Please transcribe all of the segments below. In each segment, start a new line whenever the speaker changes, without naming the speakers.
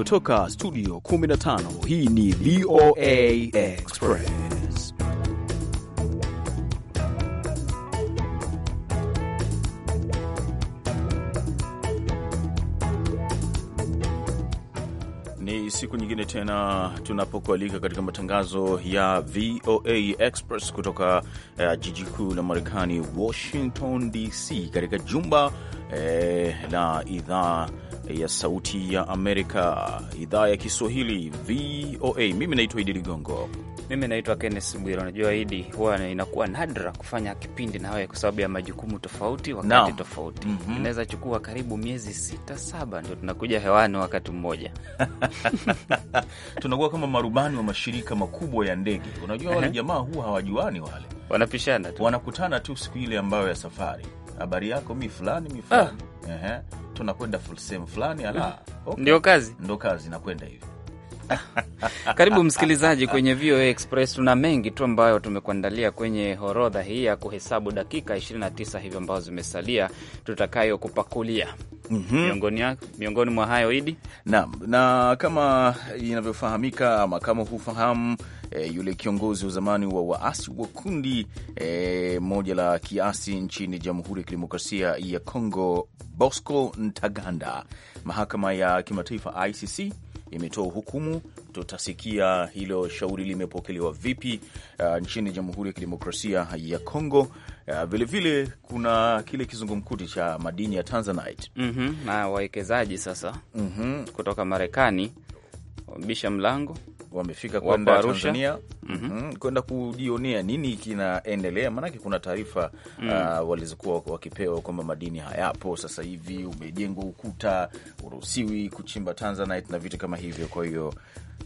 kutoka studio 15 hii ni VOA
Express.
Ni siku nyingine tena tunapokualika katika matangazo ya VOA Express kutoka uh, jiji kuu la Marekani Washington DC, katika jumba eh, la idhaa ya Sauti
ya Amerika, idhaa ya Kiswahili, VOA. Mimi naitwa Idi Ligongo. Mimi naitwa Kennes Bwira. Unajua Idi, huwa inakuwa nadra kufanya kipindi na wewe kwa sababu ya majukumu tofauti, wakati no. tofauti mm -hmm. inaweza chukua karibu miezi sita saba ndio tunakuja hewani wakati mmoja tunakuwa kama marubani wa mashirika makubwa ya
ndege. Unajua wale jamaa huwa hawajuani, wale wanapishana tu, wanakutana tu siku ile ambayo ya safari habari yako, mi fulani mi ah. fulani ah. Ehe, tunakwenda sehemu fulani ala, okay. Ndio kazi ndio kazi, nakwenda hivi
Karibu msikilizaji kwenye VOA Express. Tuna mengi tu ambayo tumekuandalia kwenye horodha hii ya kuhesabu dakika 29 hivyo ambazo zimesalia tutakayokupakulia mm -hmm. Miongoni, miongoni mwa hayo
idi, nam na kama inavyofahamika ama kama hufahamu e, yule kiongozi wa zamani wa waasi wa kundi e, moja la kiasi nchini Jamhuri ya Kidemokrasia ya Kongo, Bosco Ntaganda. Mahakama ya Kimataifa ICC imetoa hukumu. Tutasikia hilo shauri limepokelewa vipi uh, nchini Jamhuri ya Kidemokrasia ya Kongo. Uh, vilevile kuna kile kizungumkuti cha madini ya Tanzanite
mm -hmm, na wawekezaji sasa mm -hmm,
kutoka Marekani wamebisha mlango wamefika kwenda Tanzania mm -hmm. kwenda kujionea nini kinaendelea, maanake kuna taarifa mm -hmm. uh, walizokuwa wakipewa kwamba madini hayapo sasa hivi, umejengwa ukuta, uruhusiwi
kuchimba tanzanite na vitu kama hivyo, kwa hiyo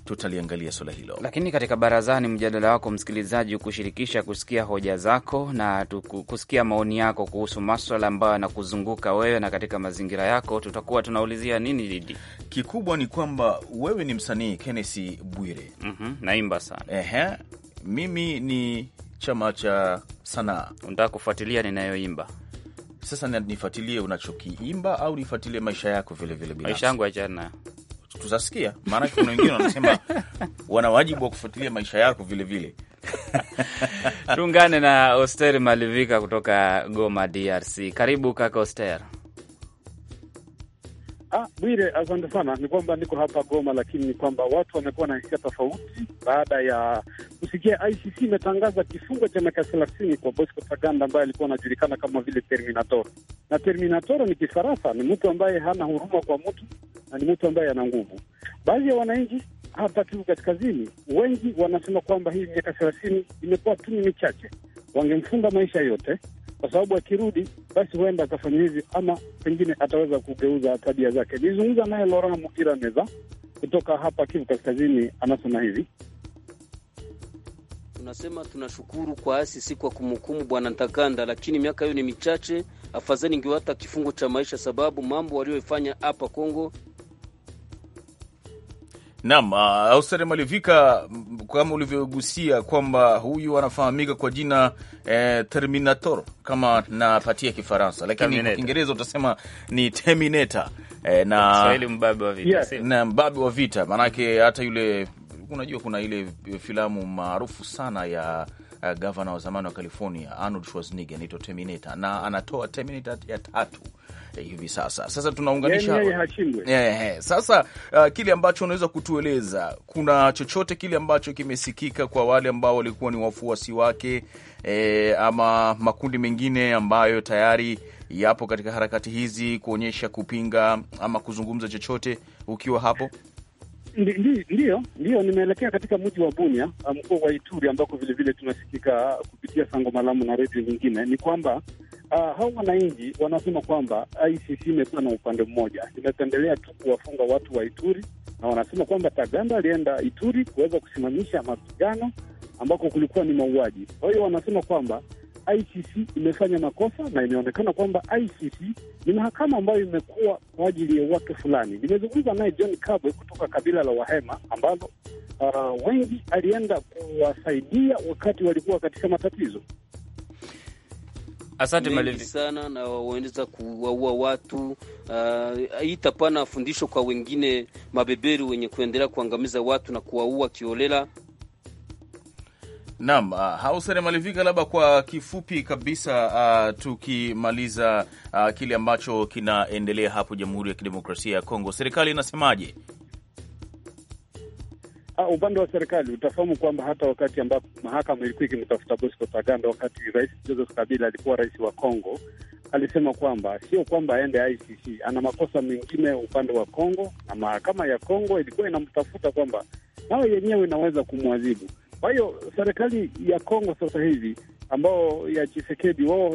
tutaliangalia suala hilo. Lakini katika barazani, mjadala wako msikilizaji, kushirikisha kusikia hoja zako na kusikia maoni yako kuhusu maswala ambayo yanakuzunguka wewe na katika mazingira yako, tutakuwa tunaulizia nini. Didi, kikubwa ni kwamba wewe ni msanii Kennesi Bwire Kiswahili mm -hmm. naimba sana ehe.
Mimi ni chama cha sanaa. Unataka kufuatilia ninayoimba sasa? Nifuatilie unachokiimba au nifuatilie maisha yako vilevile? Bila maisha yangu achana,
tutasikia. Maanake kuna wengine wanasema wana wajibu wa kufuatilia maisha yako vilevile. Tuungane na Oster Malivika kutoka Goma, DRC. Karibu kaka Oster.
Ah, Bwire, asante sana. Ni kwamba niko hapa Goma, lakini ni kwamba watu wamekuwa na hisia tofauti baada ya kusikia ICC imetangaza kifungo cha miaka thelathini kwa Bosco Ntaganda ambaye alikuwa anajulikana kama vile Terminator, na Terminator ni Kifaransa, ni mtu ambaye hana huruma kwa mtu na ni mtu ambaye ana nguvu. Baadhi ya wananchi hapa Kivu Kaskazini wengi wanasema kwamba hii miaka thelathini imekuwa tu ni michache, wangemfunga maisha yote kwa sababu akirudi basi huenda akafanya hivi ama pengine ataweza kugeuza tabia zake. Nilizungumza naye Lora Mukira Meza kutoka hapa Kivu Kaskazini, anasema hivi:
tunasema tunashukuru kwa asi, si kwa kumhukumu Bwana Ntakanda, lakini miaka hiyo ni michache. Afadhali ingewata kifungo cha maisha, sababu mambo walioifanya hapa Kongo
Naam, ah, Austere Malivika, kama ulivyogusia kwamba huyu anafahamika kwa jina eh, Terminator kama napatia Kifaransa, lakini kwa Kiingereza utasema ni Terminator eh, na mbabe wa vita, yes. na mbabe wa vita maanake hata yule, unajua kuna ile filamu maarufu sana ya uh, gavana wa zamani wa California Arnold Schwarzenegger anaitwa Terminator na anatoa Terminator ya tatu hivi sasa. Sasa tunaunganisha yaani,
yaani yeah,
sasa uh, kile ambacho unaweza kutueleza, kuna chochote kile ambacho kimesikika kwa wale ambao walikuwa ni wafuasi wake eh, ama makundi mengine ambayo tayari yapo katika harakati hizi kuonyesha kupinga ama kuzungumza chochote ukiwa hapo?
Ndiyo, ndiyo, nimeelekea katika mji wa Bunia, uh, mkoa wa Ituri, ambako vilevile tunasikika kupitia Sango Malamu na redio nyingine. Ni kwamba uh, hao wananchi wanasema kwamba uh, ICC imekuwa na upande mmoja, imependelea tu kuwafunga watu wa Ituri, na wanasema kwamba Taganda alienda Ituri kuweza kusimamisha mapigano ambako kulikuwa ni mauaji. Kwa hiyo wanasema kwamba ICC imefanya makosa na imeonekana kwamba ICC ni mahakama ambayo imekuwa kwa ajili ya watu fulani. Nimezungumza naye John Kabwe kutoka kabila la Wahema ambalo uh, wengi alienda kuwasaidia wakati walikuwa katika matatizo.
Asante Malevi sana, na waweza kuwaua watu. Uh, itapana fundisho kwa wengine mabeberu wenye kuendelea kuangamiza watu na kuwaua kiolela.
Naam, ah, Hausani Malivika, labda kwa kifupi kabisa, uh, tukimaliza uh, kile ambacho kinaendelea hapo Jamhuri ya Kidemokrasia ya Kongo, serikali inasemaje?
Uh, upande wa serikali utafahamu kwamba hata wakati ambapo mahakama ilikuwa ikimtafuta Bosco Ntaganda wakati Rais Joseph Kabila alikuwa rais wa Kongo, alisema kwamba sio kwamba aende ICC, ana makosa mengine upande wa Kongo, na mahakama ya Kongo ilikuwa inamtafuta kwamba nao yenyewe inaweza kumwadhibu. Kwa hiyo serikali ya Kongo sasa hivi ambao ya Chisekedi wao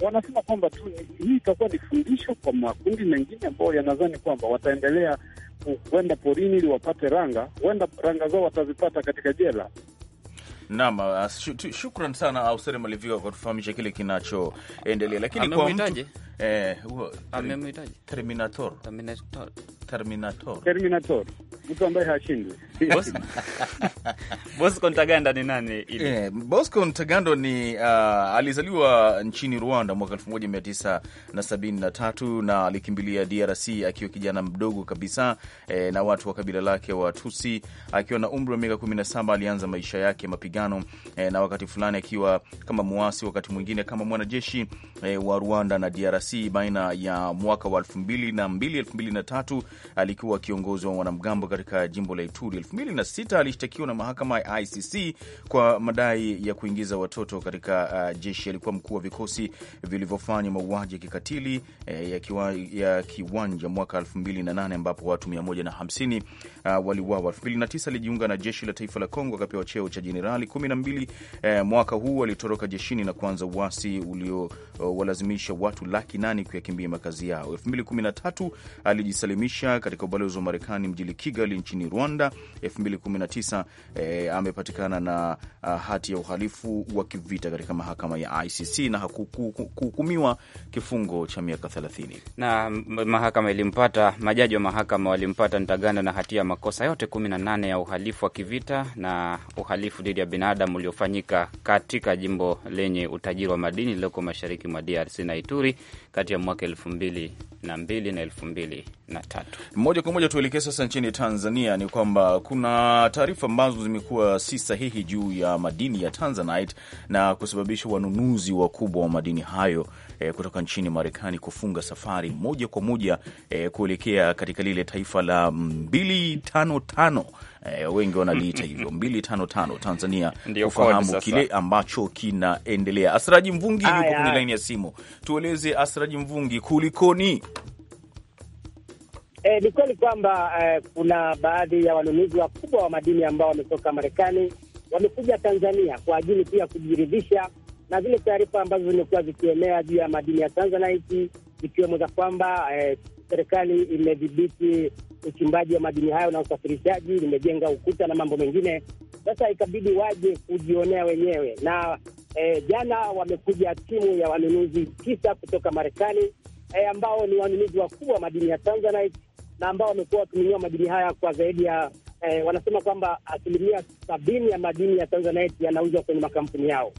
wanasema kwamba tu hii itakuwa ni fundisho kwa makundi mengine ambao yanadhani kwamba wataendelea kwenda porini ili wapate ranga, huenda ranga zao watazipata katika jela.
Naam, uh, shukran sana Ausere Malivika kwa kutufahamisha kile kinachoendelea, lakini kwa mtu Eh, ah, Terminator, Terminator, Terminator,
Terminator, mtu ambaye hashindwi.
Bosco Ntaganda
ni nani? Eh,
Bosco ni uh, alizaliwa nchini Rwanda mwaka 1973 na alikimbilia DRC akiwa kijana mdogo kabisa eh, na watu wa kabila lake wa Tusi. Akiwa na umri wa miaka 17 alianza maisha yake mapigano eh, na wakati fulani akiwa kama mwasi, wakati mwingine kama mwanajeshi eh, wa Rwanda na DRC DRC baina ya mwaka wa 2002 Alikuwa kiongozi wa wanamgambo katika jimbo la Ituri. 2006 alishtakiwa na mahakama ya ICC kwa madai ya kuingiza watoto katika uh, jeshi. Alikuwa mkuu wa vikosi vilivyofanya mauaji ya kikatili eh, ya, kiwa, ya kiwanja mwaka 2008 ambapo watu 150 uh, waliuawa. 2009 alijiunga na jeshi la taifa la Kongo akapewa cheo cha jenerali 12. Eh, mwaka huu alitoroka jeshini na kuanza uasi uliowalazimisha uh, watu laki mashinani kuyakimbia makazi yao. 2013 alijisalimisha katika ubalozi wa Marekani mjini Kigali nchini Rwanda. 2019 eh, amepatikana na uh, hati ya uhalifu wa kivita katika mahakama ya ICC na hakuhukumiwa kifungo cha miaka 30.
Na mahakama ilimpata, majaji wa mahakama walimpata Ntaganda na hatia ya makosa yote 18 ya uhalifu wa kivita na uhalifu dhidi ya binadamu uliofanyika katika jimbo lenye utajiri wa madini lililoko mashariki mwa DRC na Ituri kati ya mwaka elfu mbili na mbili na elfu mbili na tatu. Moja kwa moja
tuelekee sasa nchini Tanzania. Ni kwamba kuna taarifa ambazo zimekuwa si sahihi juu ya madini ya Tanzanite na kusababisha wanunuzi wakubwa wa madini hayo e, kutoka nchini Marekani kufunga safari moja kwa moja e, kuelekea katika lile taifa la 255 e, eh, wengi wanaliita hivyo 255 Tanzania, kufahamu kile ambacho kinaendelea. Asraji Mvungi yuko kwenye laini ya simu, tueleze Asraji Mvungi, kulikoni?
E, ni kweli kwamba e, kuna baadhi ya wanunuzi wakubwa wa madini ambao wametoka Marekani wamekuja Tanzania kwa ajili pia kujiridhisha na zile taarifa ambazo zimekuwa zikienea juu ya madini ya Tanzanite zikiwemo za kwamba e, serikali imedhibiti uchimbaji wa madini hayo na usafirishaji, limejenga ukuta na mambo mengine. Sasa ikabidi waje kujionea wenyewe na e, jana wamekuja timu ya wanunuzi tisa kutoka Marekani e, ambao ni wanunuzi wakubwa wa madini ya Tanzanite na ambao wamekuwa wakinunua madini haya kwa zaidi ya eh, wanasema kwamba asilimia sabini ya madini ya Tanzanite yanauzwa kwenye makampuni yao,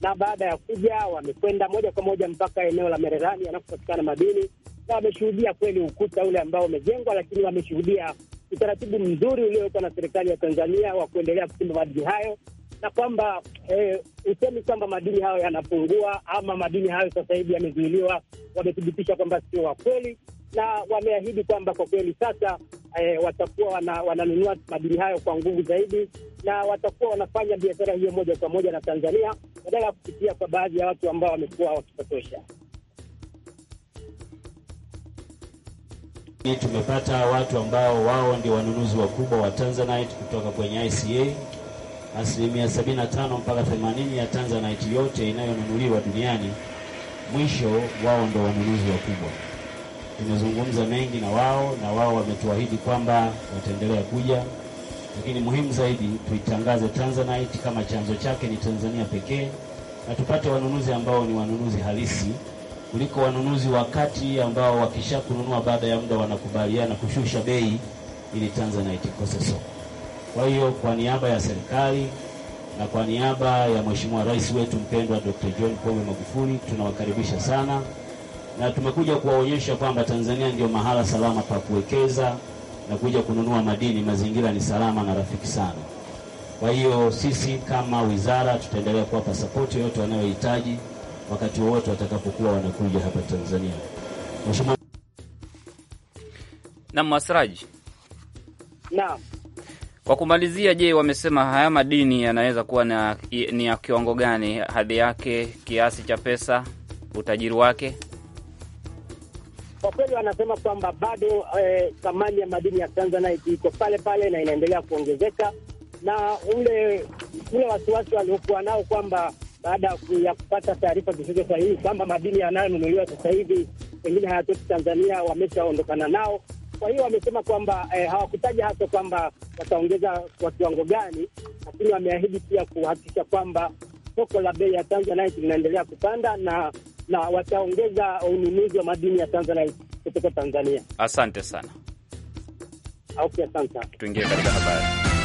na baada ya kuja wamekwenda moja kwa moja mpaka eneo la Mererani yanakopatikana madini na wameshuhudia kweli ukuta ule ambao umejengwa, lakini wameshuhudia utaratibu mzuri uliowekwa na serikali ya Tanzania wa kuendelea kuchimba madini hayo, na kwamba eh, usemi kwamba madini hayo yanapungua ama madini hayo sasa hivi yamezuiliwa, wamethibitisha kwamba sio wa kweli, na wameahidi kwamba kwa kweli sasa eh, watakuwa wana, wananunua madini hayo kwa nguvu zaidi, na watakuwa wanafanya biashara hiyo moja kwa moja na Tanzania badala ya kupitia kwa baadhi ya watu ambao wamekuwa wakipotosha.
Tumepata watu ambao wao ndio wanunuzi wakubwa wa Tanzanite kutoka kwenye ICA. Asilimia 75 mpaka 80 ya Tanzanite yote inayonunuliwa duniani, mwisho wao ndio wanunuzi wakubwa. Tumezungumza mengi na wao na wao wametuahidi kwamba wataendelea kuja, lakini muhimu zaidi tuitangaze Tanzanite kama chanzo chake ni Tanzania pekee, na tupate wanunuzi ambao ni wanunuzi halisi kuliko wanunuzi wakati ambao wakisha kununua baada ya muda wanakubaliana kushusha bei ili Tanzanite ikose soko. Kwa hiyo kwa niaba ya serikali na kwa niaba ya Mheshimiwa Rais wetu mpendwa Dr. John Pombe Magufuli tunawakaribisha sana na tumekuja kuwaonyesha kwamba Tanzania ndio mahala salama pa kuwekeza na kuja kununua madini. Mazingira ni salama na rafiki sana. Kwa hiyo sisi kama wizara tutaendelea kuwapa sapoti yote wanayohitaji wakati wowote watakapokuwa wanakuja hapa Tanzania. Mheshimiwa
na Masraji. Naam. Kwa kumalizia, je, wamesema haya madini yanaweza kuwa na, ni ya kiwango gani? Hadhi yake, kiasi cha pesa, utajiri wake?
kwa kweli wanasema kwamba bado eh, thamani eh, ya madini ya Tanzanite iko pale pale na inaendelea kuongezeka, na ule ule wasiwasi waliokuwa nao kwamba baada ya kupata taarifa zisizo sahihi kwamba madini yanayonunuliwa sasa hivi pengine hayatoki Tanzania, wameshaondokana nao. Kwa hiyo wamesema kwamba eh, hawakutaja hasa kwamba wataongeza kwa kiwango gani, lakini wameahidi pia kuhakikisha kwamba soko la bei ya Tanzanite linaendelea kupanda na na wataongeza ununuzi wa madini ya Tanzania kutoka Tanzania.
Asante sana. Okay, asante. Tuingie katika habari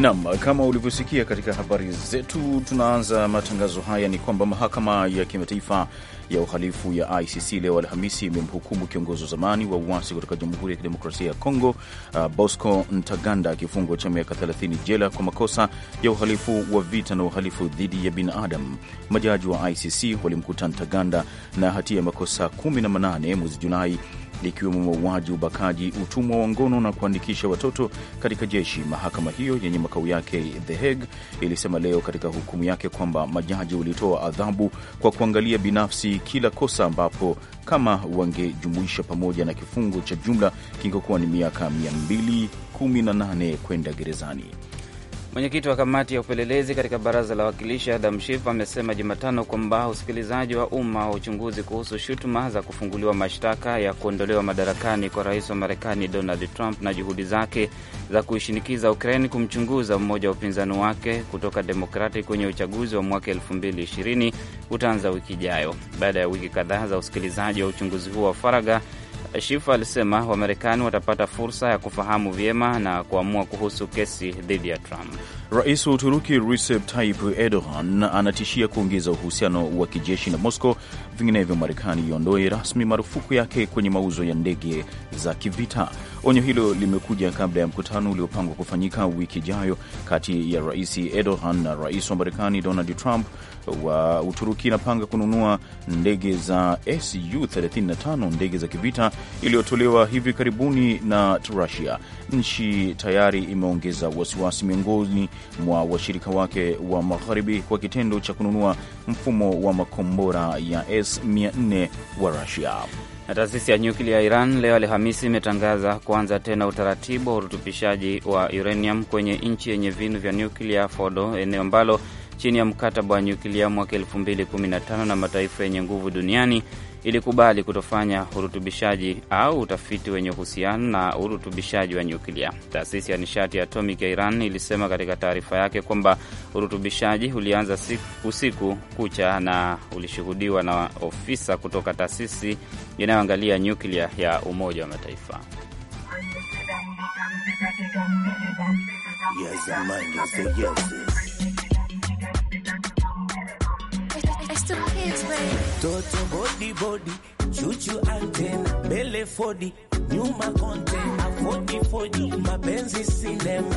Nam, kama ulivyosikia katika habari zetu, tunaanza matangazo haya ni kwamba mahakama ya kimataifa ya uhalifu ya ICC leo Alhamisi imemhukumu kiongozi wa zamani wa uasi kutoka Jamhuri ya Kidemokrasia ya Kongo uh, Bosco Ntaganda kifungo cha miaka 30 jela kwa makosa ya uhalifu wa vita na uhalifu dhidi ya binadamu. Majaji wa ICC walimkuta Ntaganda na hatia ya makosa 18 mwezi Julai likiwemo mauaji, ubakaji, utumwa wa ngono na kuandikisha watoto katika jeshi. Mahakama hiyo yenye makao yake The Hague ilisema leo katika hukumu yake kwamba majaji walitoa adhabu kwa kuangalia binafsi kila kosa, ambapo kama wangejumuisha pamoja na kifungo cha jumla kingekuwa ni miaka 218 kwenda gerezani.
Mwenyekiti wa kamati ya upelelezi katika baraza la wakilishi Adam Schiff amesema Jumatano kwamba usikilizaji wa umma wa uchunguzi kuhusu shutuma za kufunguliwa mashtaka ya kuondolewa madarakani kwa rais wa Marekani Donald Trump na juhudi zake za kuishinikiza Ukraine kumchunguza mmoja wa upinzani wake kutoka demokrati kwenye uchaguzi wa mwaka 2020 utaanza wiki ijayo baada ya wiki kadhaa za usikilizaji wa uchunguzi huo wa faragha Shifa alisema Wamarekani watapata fursa ya kufahamu vyema na kuamua kuhusu kesi dhidi ya Trump. Rais wa
Uturuki Recep Tayyip Erdogan anatishia kuongeza uhusiano wa kijeshi na Moscow vinginevyo Marekani iondoe rasmi marufuku yake kwenye mauzo ya ndege za kivita. Onyo hilo limekuja kabla ya mkutano uliopangwa kufanyika wiki ijayo kati ya Rais Erdogan na rais wa Marekani Donald Trump wa Uturuki inapanga kununua ndege za su 35 ndege za kivita iliyotolewa hivi karibuni na Rusia. Nchi tayari imeongeza wasiwasi miongoni mwa washirika wake wa magharibi kwa kitendo cha kununua mfumo wa makombora ya Express 400 wa Rusia.
Na taasisi ya nyuklia ya Iran leo Alhamisi imetangaza kuanza tena utaratibu wa urutupishaji wa uranium kwenye nchi yenye vinu vya nyuklia Fordo, eneo ambalo chini ya mkataba wa nyuklia mwaka 2015 na mataifa yenye nguvu duniani ilikubali kutofanya urutubishaji au utafiti wenye uhusiano na urutubishaji wa nyuklia. Taasisi ya nishati ya atomic ya Iran ilisema katika taarifa yake kwamba urutubishaji ulianza usiku kucha na ulishuhudiwa na ofisa kutoka taasisi inayoangalia nyuklia ya Umoja wa Mataifa
yes, Toto body body, chuchu antena, bele fodi, nyuma konte, afodi fodi, mapenzi sinema,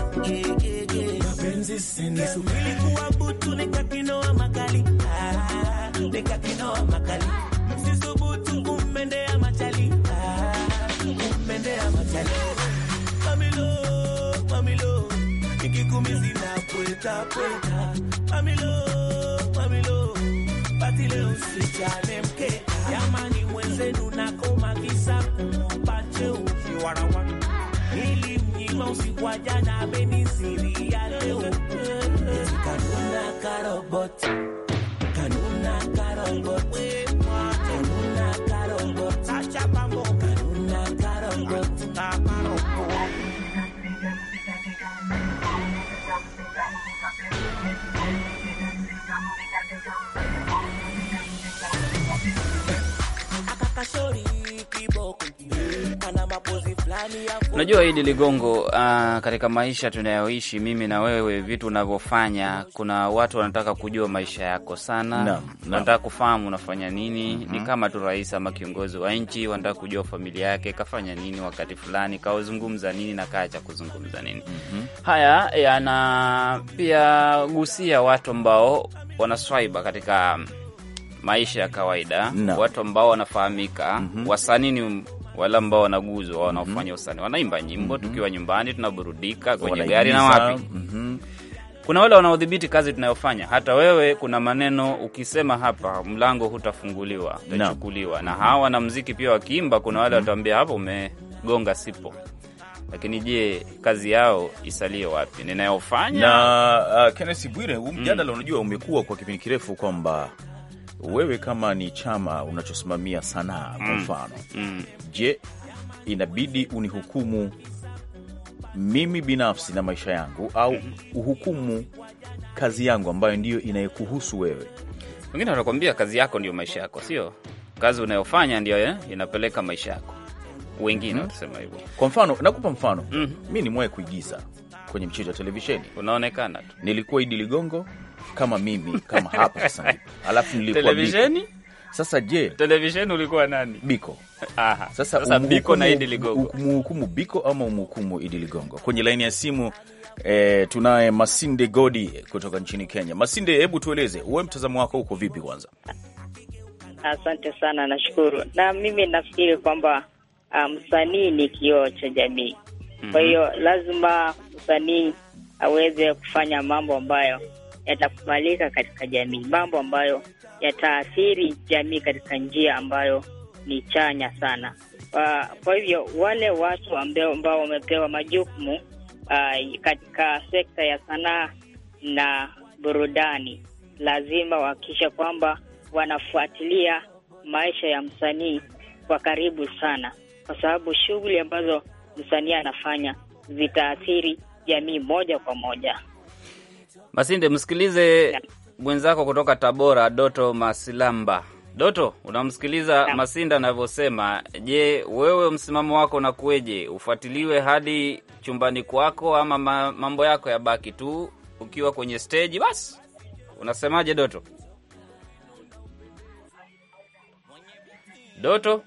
mapenzi sinema. Kisubili kuwa butu, nikakinoa makali, ah, nikakinoa makali. Msisubutu kumendea machali, ah, kumendea machali. Mamilo, mamilo, nikikumi zina pweta pweta. Mamilo, mamilo. wakati leo sichalemke, jamani mwenzenu nakoma kisa kumpache ukiwarawa nilimnyima usiku wa leo kanuna karobot kanuna karobot kanuna karobot acha pambo kanuna karobot Thank you.
Unajua hili ligongo, uh, katika maisha tunayoishi mimi na wewe, vitu unavyofanya, kuna watu wanataka kujua maisha yako sana no, no. wanataka kufahamu unafanya nini mm -hmm. ni mhm. kama tu rais ama kiongozi wa nchi, wanataka kujua familia yake kafanya nini wakati fulani, kazungumza nini na kaacha kuzungumza nini mm -hmm. haya yana pia gusia watu ambao wanaswaiba katika maisha ya kawaida no. watu ambao wanafahamika mm -hmm. wasanii wale ambao wanaguzwa wanaofanya mm -hmm. usanii wanaimba nyimbo mm -hmm. tukiwa nyumbani tunaburudika kwenye gari na wapi mm -hmm. Kuna wale wanaodhibiti kazi tunayofanya. Hata wewe, kuna maneno ukisema hapa, mlango hutafunguliwa, utachukuliwa no. na hawa wanamziki. Pia wakiimba, kuna wale mm -hmm. wataambia hapo umegonga sipo lakini je, kazi yao isalie wapi? ninayofanya na
uh, Kenneth Bwire, huu mm. mjadala mm. unajua umekuwa kwa kipindi kirefu kwamba wewe kama ni chama unachosimamia sanaa kwa mm. mfano mm. mm. Je, inabidi unihukumu mimi binafsi na maisha yangu au mhm.
uhukumu
kazi yangu ambayo ndiyo inayekuhusu wewe?
Wengine wanakuambia kazi yako ndiyo maisha yako, sio kazi unayofanya ndio eh, inapeleka maisha yako. Wengine mhm. watasema hmm, hivyo. Kwa mfano,
nakupa mfano hmm, mi nimewahi kuigiza kwenye mchezo wa televisheni,
unaonekana tu.
Nilikuwa Idi Ligongo kama mimi kama hapa sasa, alafu nilikuwa televisheni sasa
je, televisheni ulikuwa nani? Biko. Aha. Sasa, sasa umuhukumu, Biko na Idi Ligongo,
Biko ama umuhukumu Idi Ligongo? Kwenye laini ya simu eh, tunaye Masinde Godi kutoka nchini Kenya. Masinde, hebu tueleze uwe mtazamo wako uko vipi kwanza?
Asante sana, nashukuru. Na mimi nafikiri kwamba ah, msanii um, ni kioo cha jamii mm -hmm. Kwa hiyo lazima msanii aweze kufanya mambo ambayo yatakubalika katika jamii, mambo ambayo yataathiri jamii katika njia ambayo ni chanya sana. Uh, kwa hivyo wale watu ambao wamepewa majukumu uh, katika sekta ya sanaa na burudani lazima wahakikisha kwamba wanafuatilia maisha ya msanii kwa karibu sana, kwa sababu shughuli ambazo msanii anafanya zitaathiri jamii moja kwa moja.
Masinde, msikilize mwenzako kutoka Tabora, Doto Masilamba. Doto, unamsikiliza Masinda anavyosema. Je, wewe msimamo wako unakuweje? Ufuatiliwe hadi chumbani kwako ama mambo yako yabaki tu ukiwa kwenye steji? Basi unasemaje Doto?
Doto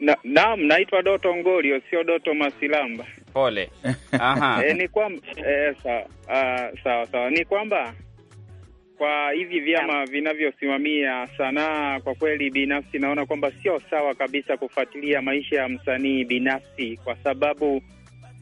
naam, na, naitwa Doto Ngorio, sio Doto Masilamba.
Pole. Aha. E, ni
kwamba e, sawa sawa, ni kwamba kwa hivi vyama vinavyosimamia sanaa, kwa kweli binafsi naona kwamba sio sawa kabisa kufuatilia maisha ya msanii binafsi, kwa sababu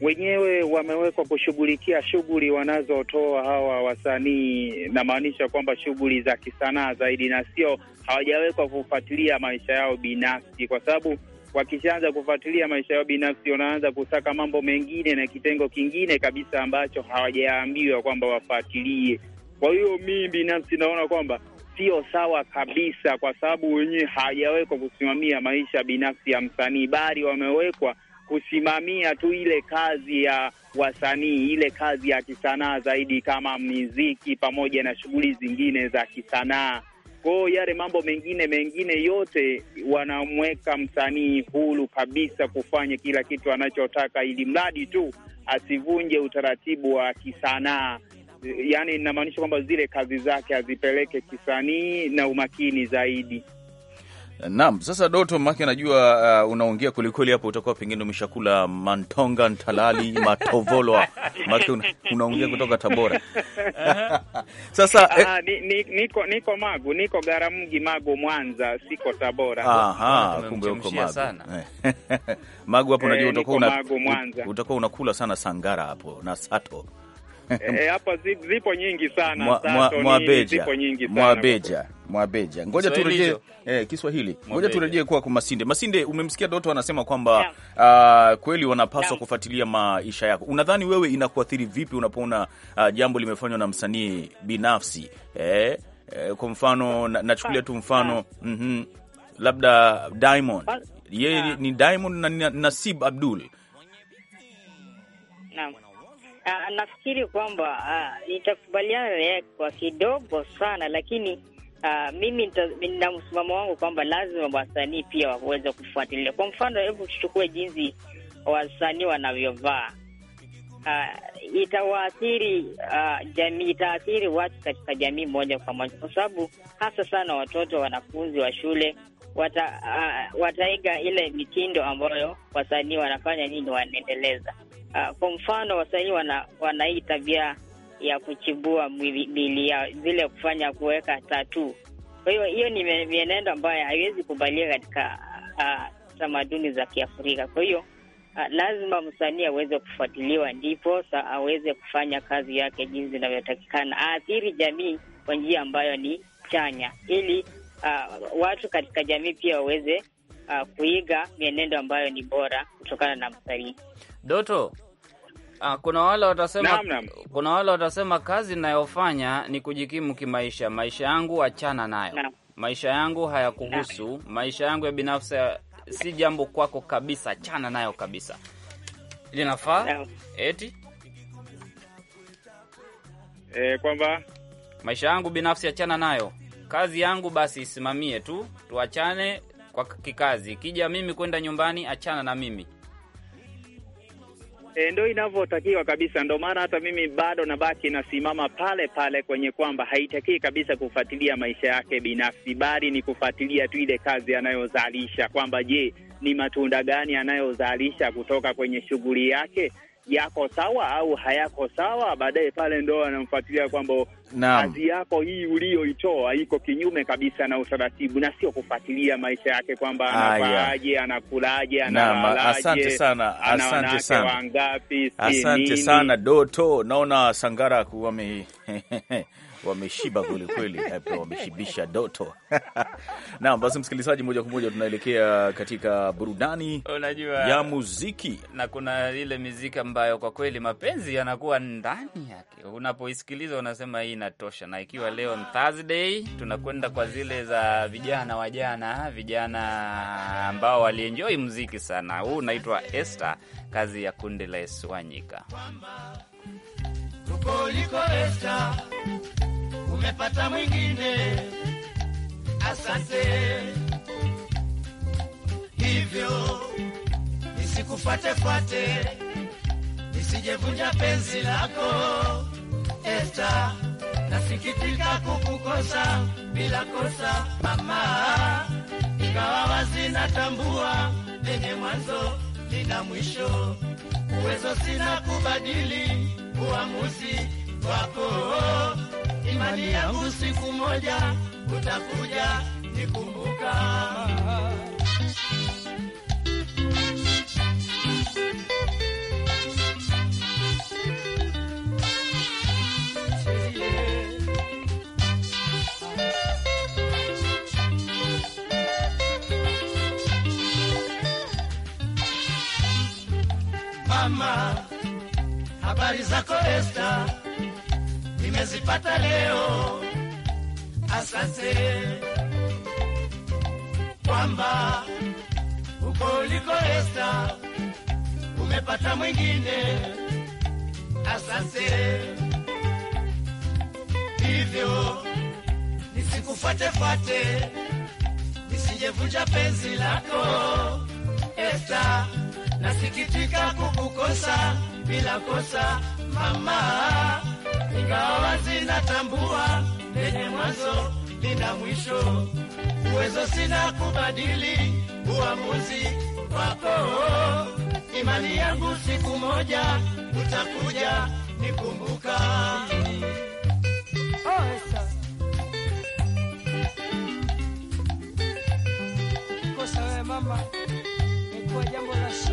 wenyewe wamewekwa kushughulikia shughuli wanazotoa hawa wasanii, namaanisha kwamba shughuli za kisanaa zaidi, na sio hawajawekwa kufuatilia maisha yao binafsi, kwa sababu wakishaanza kufuatilia maisha yao binafsi wanaanza kusaka mambo mengine na kitengo kingine kabisa ambacho hawajaambiwa kwamba wafuatilie. Kwa hiyo mimi binafsi naona kwamba sio sawa kabisa, kwa sababu wenyewe hawajawekwa kusimamia maisha binafsi ya msanii, bali wamewekwa kusimamia tu ile kazi ya wasanii, ile kazi ya kisanaa zaidi, kama miziki pamoja na shughuli zingine za kisanaa. Kwa hiyo yale mambo mengine mengine yote wanamweka msanii huru kabisa kufanya kila kitu anachotaka, ili mradi tu asivunje utaratibu wa kisanaa yani inamaanisha kwamba zile kazi zake azipeleke kisanii na umakini zaidi.
Naam, sasa Doto make najua, uh, unaongea kwelikweli hapo, utakuwa pengine umeshakula mantonga ntalali matovolwa make una, unaongea kutoka Tabora
uh-huh. sasa ah, eh... ni, ni, niko niko Magu, niko Garamgi Magu Mwanza, siko Tabora. Aha, kumbe uko Magu
Magu hapo, eh, najua utakuwa unakula sana sangara hapo na sato Eh,
hapa e, zipo nyingi sana mwabeja mwabeja
mwabeja, ngoja turejee eh, Kiswahili, ngoja turejee kuwa kwa Masinde. Masinde, umemsikia Doto anasema kwamba uh, kweli wanapaswa kufuatilia maisha yako. Unadhani wewe inakuathiri vipi unapoona uh, jambo limefanywa na msanii binafsi eh? Eh, kwa mfano nachukulia na tu mfano mm -hmm, labda Diamond yeye ni Diamond na Nasib Abdul
na. Ah, nafikiri kwamba uh, nitakubaliana naye kwa kidogo sana, lakini uh, mimi nina msimamo wangu kwamba lazima wasanii pia waweze kufuatilia. Kwa mfano, hebu tuchukue jinsi wasanii wanavyovaa. Uh, itawaathiri uh, jamii, itaathiri watu katika jamii moja kwa moja, kwa sababu hasa sana watoto, wanafunzi wa shule wata, uh, wataiga ile mitindo ambayo wasanii wanafanya nini, wanaendeleza Ah, kwa mfano wasanii wana, wana hii tabia ya kuchibua mwili yao zile kufanya kuweka tatu. Kwa hiyo hiyo ni mienendo ambayo haiwezi kubalia katika ah, ah, tamaduni za Kiafrika. Kwa hiyo lazima msanii aweze kufuatiliwa, ndipo sa aweze kufanya kazi yake jinsi inavyotakikana, aathiri jamii kwa njia ambayo ni chanya, ili a, watu katika jamii pia waweze kuiga mienendo ambayo ni bora kutokana na msanii
Doto. Ah, kuna wale watasema, kuna wale watasema kazi ninayofanya ni kujikimu kimaisha, maisha yangu achana nayo na, Maisha yangu hayakuhusu, maisha yangu ya binafsi eh, si jambo kwako kabisa, achana nayo kabisa. Linafaa eti
e, kwamba
maisha yangu binafsi achana nayo, kazi yangu basi isimamie tu, tuachane kwa kikazi. Kija mimi kwenda nyumbani, achana na mimi
E, ndo inavyotakiwa kabisa. Ndo maana hata mimi bado nabaki nasimama pale pale kwenye kwamba haitakii kabisa kufuatilia maisha yake binafsi, bali ni kufuatilia tu ile kazi anayozalisha, kwamba je, ni matunda gani anayozalisha kutoka kwenye shughuli yake yako sawa au hayako sawa. Baadaye pale ndo anamfuatilia kwamba kazi yako hii uliyoitoa iko kinyume kabisa na utaratibu, na sio kufuatilia maisha yake kwamba anavaaje, anakulaje, analaje. Asante sana, asante sana, wangapi, asante sana
Doto. Naona Sangara kuwame wameshiba kwelikweli, wameshibisha doto na Basi msikilizaji, moja kwa moja tunaelekea katika burudani
Unajua, ya
muziki
na kuna ile miziki ambayo kwa kweli mapenzi yanakuwa ndani yake, unapoisikiliza unasema hii inatosha. Na ikiwa leo ni Thursday, tunakwenda kwa zile za vijana wajana vijana ambao walienjoi muziki sana. Huu unaitwa Esther, kazi ya kundi la Eswanyika
kuliko Esta, umepata mwingine. Asante, hivyo nisikufuatefuate, nisijevunja penzi lako Esta. Nasikitika kukukosa bila kosa mama, ingawa wazi natambua lenye mwanzo lina mwisho, uwezo sina kubadili uamuzi wako. Imani yangu siku moja utakuja nikumbuka. Mama Habari zako Esta, nimezipata leo, asante kwamba uko uliko Esta, umepata mwingine, asante hivyo nisikufatefate, nisijevunja penzi lako Esta, nasikitika kukukosa bila kosa mama, ingawa zinatambua lenye mwanzo lina mwisho, uwezo sina kubadili uamuzi wako. Imani yangu siku moja utakuja nikumbuka. Oh,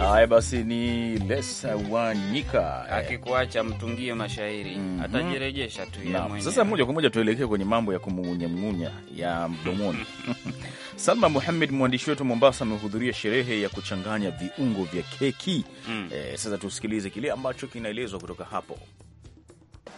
Haya basi, ni Lesa Wanyika akikuacha mtungie mashairi mm -hmm. Atajirejesha tu yeye mwenyewe. Sasa moja
kwa moja tuelekee kwenye mambo ya kumung'unyamng'unya ya mdomoni Salma Muhamed, mwandishi wetu Mombasa, amehudhuria sherehe ya kuchanganya viungo vya keki mm. Eh, sasa tusikilize kile ambacho kinaelezwa kutoka hapo.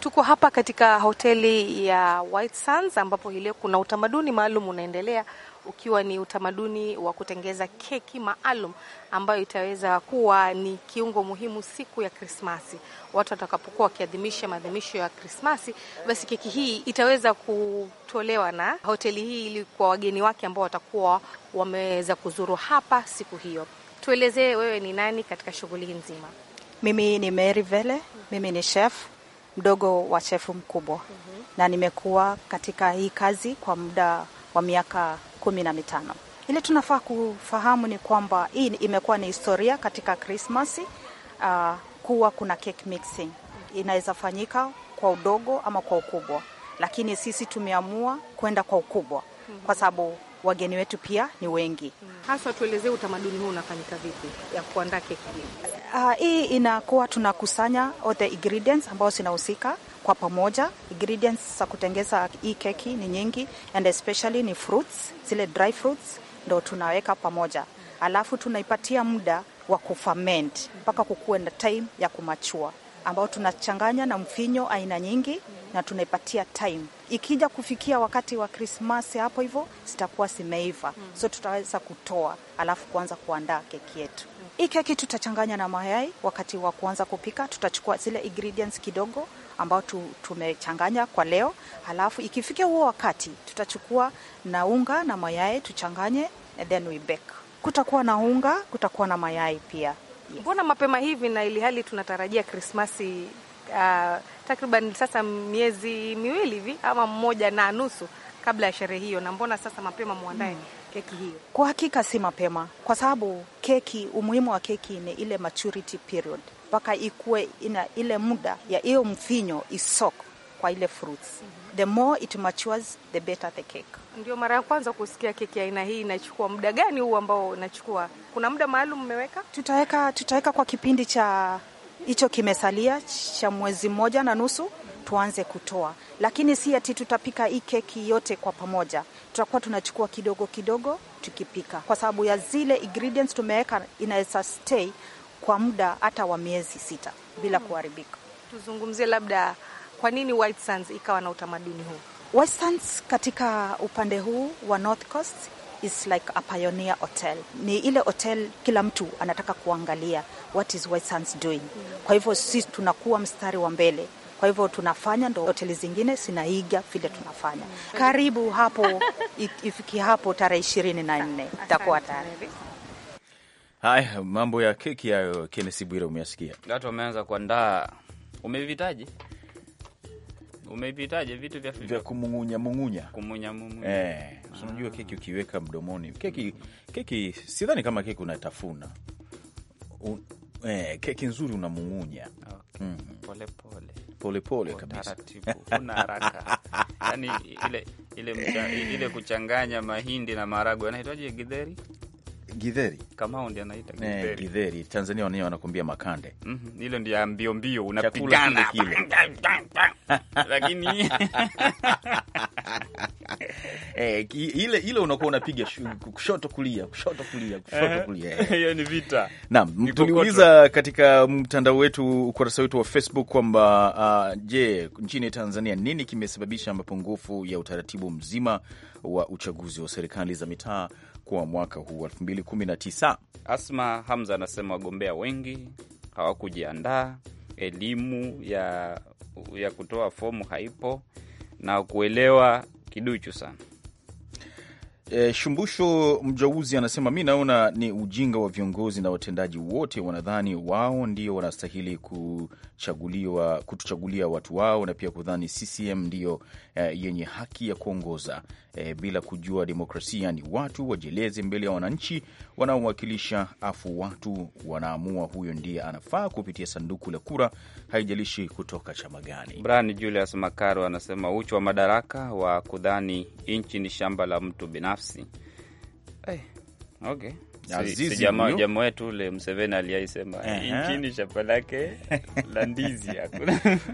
Tuko hapa katika hoteli ya White Sands ambapo hileo kuna utamaduni maalum unaendelea ukiwa ni utamaduni wa kutengeza keki maalum ambayo itaweza kuwa ni kiungo muhimu siku ya Krismasi. Watu watakapokuwa wakiadhimisha maadhimisho ya Krismasi, basi keki hii itaweza kutolewa na hoteli hii ili kwa wageni wake ambao watakuwa wameweza kuzuru hapa siku hiyo. Tuelezee wewe ni nani katika shughuli hii nzima?
Mimi ni Mary Vele, mimi ni chef mdogo wa chefu mkubwa, mm -hmm. na nimekuwa katika hii kazi kwa muda wa miaka kumi na mitano. Ile tunafaa kufahamu ni kwamba hii imekuwa ni historia katika Krismasi uh, ah, kuwa kuna cake mixing inaweza fanyika kwa udogo ama kwa ukubwa, lakini sisi tumeamua kwenda kwa ukubwa mhm. kwa sababu wageni wetu pia ni wengi. Mhm. Hasa tuelezee utamaduni huu unafanyika vipi ya kuandaa keki hii? Uh, hii inakuwa tunakusanya all the ingredients ambayo zinahusika kwa pamoja. Ingredients za kutengeza hii keki ni nyingi, and especially ni fruits, zile dry fruits ndo tunaweka pamoja, alafu tunaipatia muda wa kuferment mpaka kukuwe na time ya kumachua, ambao tunachanganya na mfinyo aina nyingi na tunaipatia time. Ikija kufikia wakati wa Krismasi hapo hivyo zitakuwa zimeiva, so tutaweza kutoa alafu kuanza kuandaa keki yetu. Hii keki tutachanganya na mayai. Wakati wa kuanza kupika, tutachukua zile ingredients kidogo ambao tumechanganya kwa leo. Halafu ikifikia huo wakati tutachukua na unga na mayai tuchanganye, and then we bake. Kutakuwa na unga, kutakuwa na mayai pia.
Mbona mapema hivi na ili hali tunatarajia Krismasi uh, takriban sasa miezi miwili hivi ama mmoja na nusu kabla ya sherehe hiyo, na mbona sasa mapema mwandae mm
keki hiyo? Kwa hakika si mapema, kwa sababu keki, umuhimu wa keki ni ile maturity period, mpaka ikuwe ina ile muda ya hiyo mvinyo isok kwa ile fruits mm -hmm. The more it matures the better the cake.
Ndio mara ya kwanza kusikia keki aina hii. Inachukua muda gani huu ambao unachukua? Kuna muda maalum mmeweka?
Tutaweka tutaweka kwa kipindi cha hicho kimesalia cha mwezi mmoja na nusu tuanze kutoa, lakini si ati tutapika hii keki yote kwa pamoja. Tutakuwa tunachukua kidogo kidogo tukipika, kwa sababu ya zile ingredients tumeweka inaweza stay kwa muda hata wa miezi sita bila hmm, kuharibika. Tuzungumzie labda kwa nini White Sands ikawa na utamaduni huu. White Sands katika upande huu wa North Coast is like a pioneer hotel, ni ile hotel kila mtu anataka kuangalia what is White Sands doing. Hmm. Kwa hivyo sisi tunakuwa mstari wa mbele kwa hivyo tunafanya ndo hoteli zingine sinaiga vile tunafanya. Karibu hapo ifiki hapo tarehe ishirini na nne itakuwa tayari.
Haya, mambo ya keki hayo, Kenesi Bwire, umeasikia
watu wameanza kuandaa. umevitaji Umevitaje vitu vya vya kumung'unya mung'unya, kumunya mung'unya.
Eh, unajua keki ukiweka mdomoni, keki keki, sidhani kama keki unatafuna Un
eh, keki
nzuri unamung'unya
polepole mm.
polepole kabisa,
una haraka yani ile, ile, ile kuchanganya mahindi na maharagwe anahitaji githeri Githeri kama ndio anaita eh, Githeri. Eh,
Githeri Tanzania wenyewe wanakuambia makande.
Mm -hmm. Hilo ndio mbio mbio unapigana kile. Lakini
eh ile ile unakuwa unapiga kushoto kulia, kushoto kulia, kushoto eh, kulia. Eh.
Hiyo ni vita.
Naam, tuliuliza katika mtandao wetu ukurasa wetu wa Facebook kwamba uh, je, nchini Tanzania nini kimesababisha mapungufu ya utaratibu mzima wa uchaguzi wa serikali za mitaa kwa mwaka huu 2019.
Asma Hamza anasema wagombea wengi hawakujiandaa, elimu ya, ya kutoa fomu haipo na kuelewa kiduchu sana. E,
Shumbusho Mjauzi anasema mi naona ni ujinga wa viongozi na watendaji wote, wanadhani wao ndio wanastahili ku kutuchagulia watu wao na pia kudhani CCM ndiyo eh, yenye haki ya kuongoza eh, bila kujua demokrasia ni watu wajieleze mbele ya wananchi wanaowakilisha, afu watu wanaamua huyo ndiye anafaa kupitia sanduku la kura, haijalishi kutoka chama
gani. Brian Julius Makaro anasema uchu wa madaraka wa kudhani nchi ni shamba la mtu binafsi. Hey, eh, okay jamaa wetu ule Mseveni aliaisema uh -huh.
nchini
shamba lake la ndizi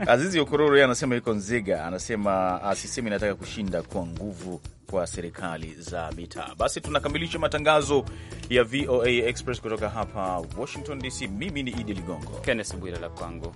Azizi
Okororo anasema yuko nziga anasema ah, sisemi inataka kushinda kwa nguvu kwa serikali za mitaa. Basi tunakamilisha matangazo ya VOA Express kutoka hapa Washington DC. Mimi ni Idi
Ligongo, Kennes Bwira la kwangu.